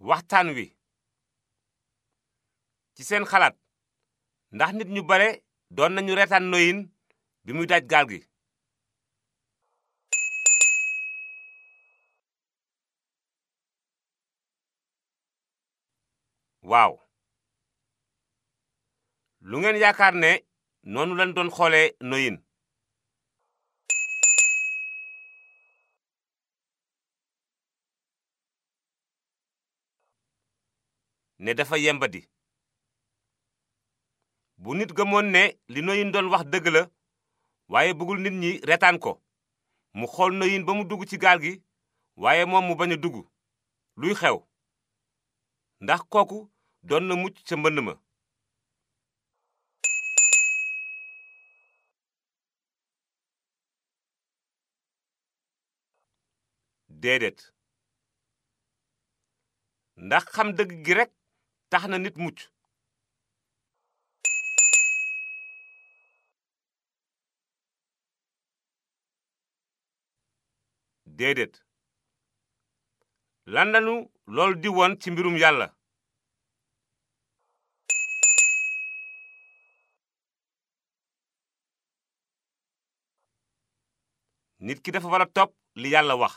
waxtaan wi ci seen xalaat ndax nit ñu bare doon nañu reetaan noyin bi mu daj gaal gi waaw lu ngeen yaakaar ne noonu lañ doon xoolee noyin ne dafa yembadi bu nit gëmoon ne li noyin doon wax dëgg la waaye bëggul nit ñi retaan ko mu xool noyin ba mu dugg ci gaal gi waaye moom mu bañ a dugg luy xew ndax kooku doon na mucc ca mbënn ma déedéet ndax xam dëgg gi rekk tax na nit mucc déedéet lan lañu lool di won ci mbirum yàlla nit ki dafa war topp li yàlla wax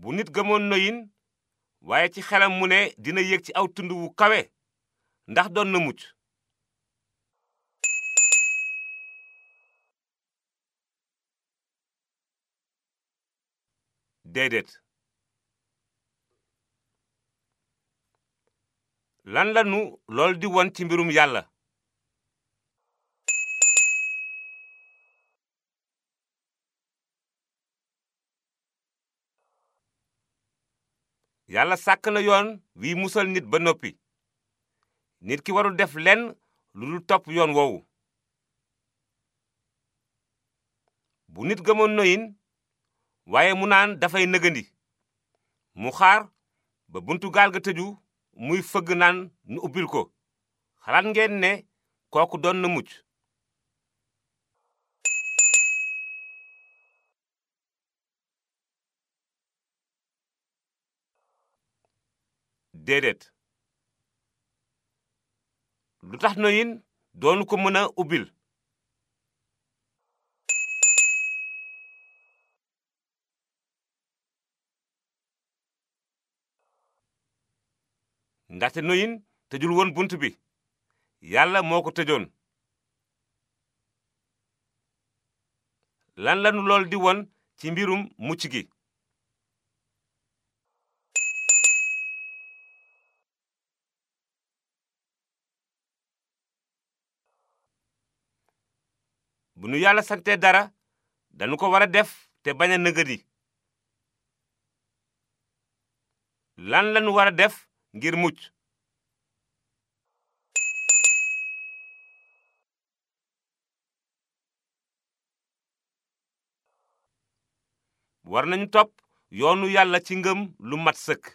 bu nit gëmoon noyin waaye ci xelam mu ne dina yéeg ci aw tund wu kawe ndax doon na mucc déedéet lan lanu lool di won ci mbirum yàlla yàlla sàkk na yoon wiy musal nit ba noppi nit ki warul def lenn lu dul topp yoon woowu bu nit gëmoon noyin waaye mu naan dafay nëgandi mu xaar ba buntu gaal ga muy fëgg naan nu ubbil ko xalaat ngeen ne kooku doon na mucc déedéet lu tax noyin doonu ko mën a ubbil ndaxte noyin tëjul woon bunt bi yàlla moo ko tëjoon lan lanu lool di won ci mbirum mucc gi bu nu yàlla sante dara dañu ko war a def te bañ a nëgëdi lan lañu war a def ngir mujj war nañu topp yoonu yàlla ci ngëm lu mat sëkk